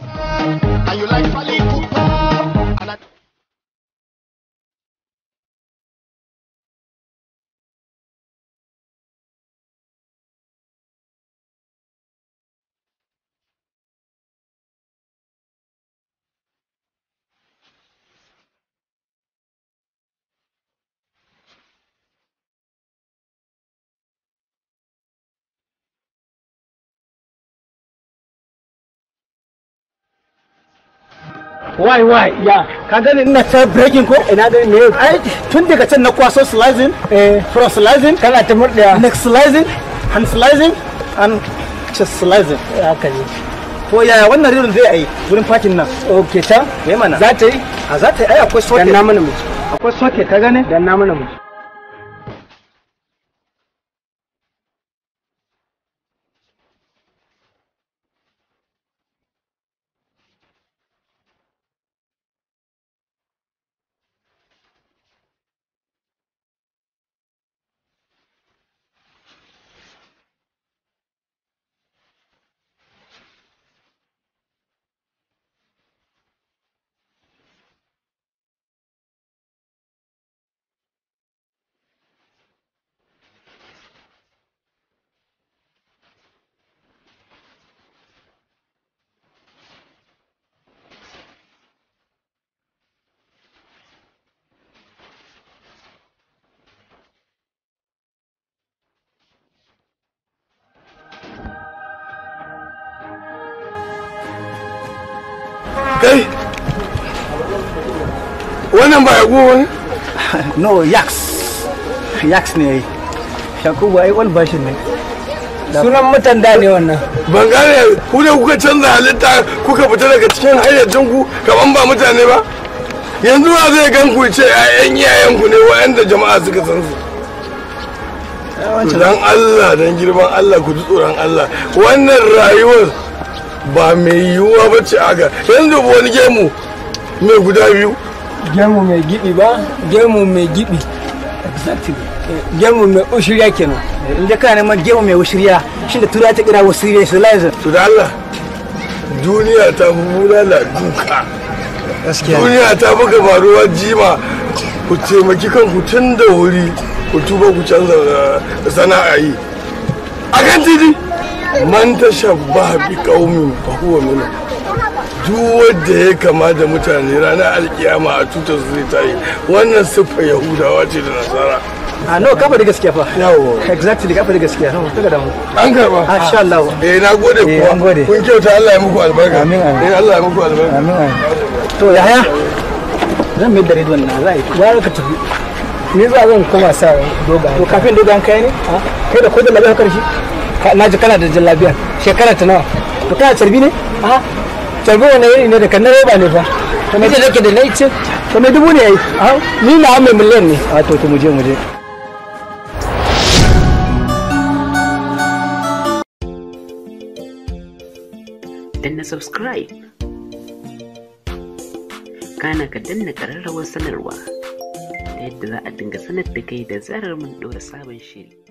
Are you like why why ya ka gani ina ta breaking ko ina gani me ai tun daga can na kwaso slicing eh from slicing kana ta murda next slicing hand slicing and chest slicing eh, haka ne to yaya wannan ririn zai yi wurin fakin nan okay ta me mana za ta yi a za ta yi ai akwai socket dan na mana akwai socket ka gane dan na mana kai wannan ba yago wani no yaks yaks ne ya yi yakubu ai wani bashin ne sunan mutan da ne wannan ban gane ku ne kuka canza halitta kuka fita daga cikin hayyacin ku kaman ba mutane ba yanzu ba zai gan ku ce ƴaƴan iyayen ku ne waɗanda jama'a suka san su dan Allah dan girman Allah ku ji tsoron Allah wannan rayuwar ba mai yiwuwa ba ce aga yanzu ba wani gemu mai guda biyu gemu mai gibi ba gemu mai gibi exactly gemu mai ushiriya kenan inda kana ma gemu mai ushiriya shi da tura ta kira wasu serializer to da Allah duniya ta mura la duka duniya ta buga faruwa jima ku taimaki kan ku tun da wuri ku tuba ku canza eh, sana'a yi man tashabba bi qaumin fa huwa minhum duk wanda ya kama da mutane ranar alkiyama a tutar su ta yi wannan siffa yahudawa ce da nasara a n'o kafa da gaskiya fa yawo exactly kafa da gaskiya nawa kaga mu an karba a ah, sha Allah eh na gode eh, kuwa kun kyauta Allah ya muku albarka amin amin eh Allah ya muku albarka amin amin to yaya zan mai da ridwan na zai ya ka tafi ni za zan kuma sa doga to kafin doga kai ne ah. kai da kodin da bai karshe na ji kana da jallabiya shekara ta nawa to kana carbi ne a carbi wani iri ne da kan na roba ne fa to me nake da nai ce to me dubu ne yayi a ni na amme miliyan ne a to to muje muje mu danna subscribe kana ka danna kararrawar sanarwa ta yadda za a dinga sanar da kai da zarar mun ɗora sabon shiri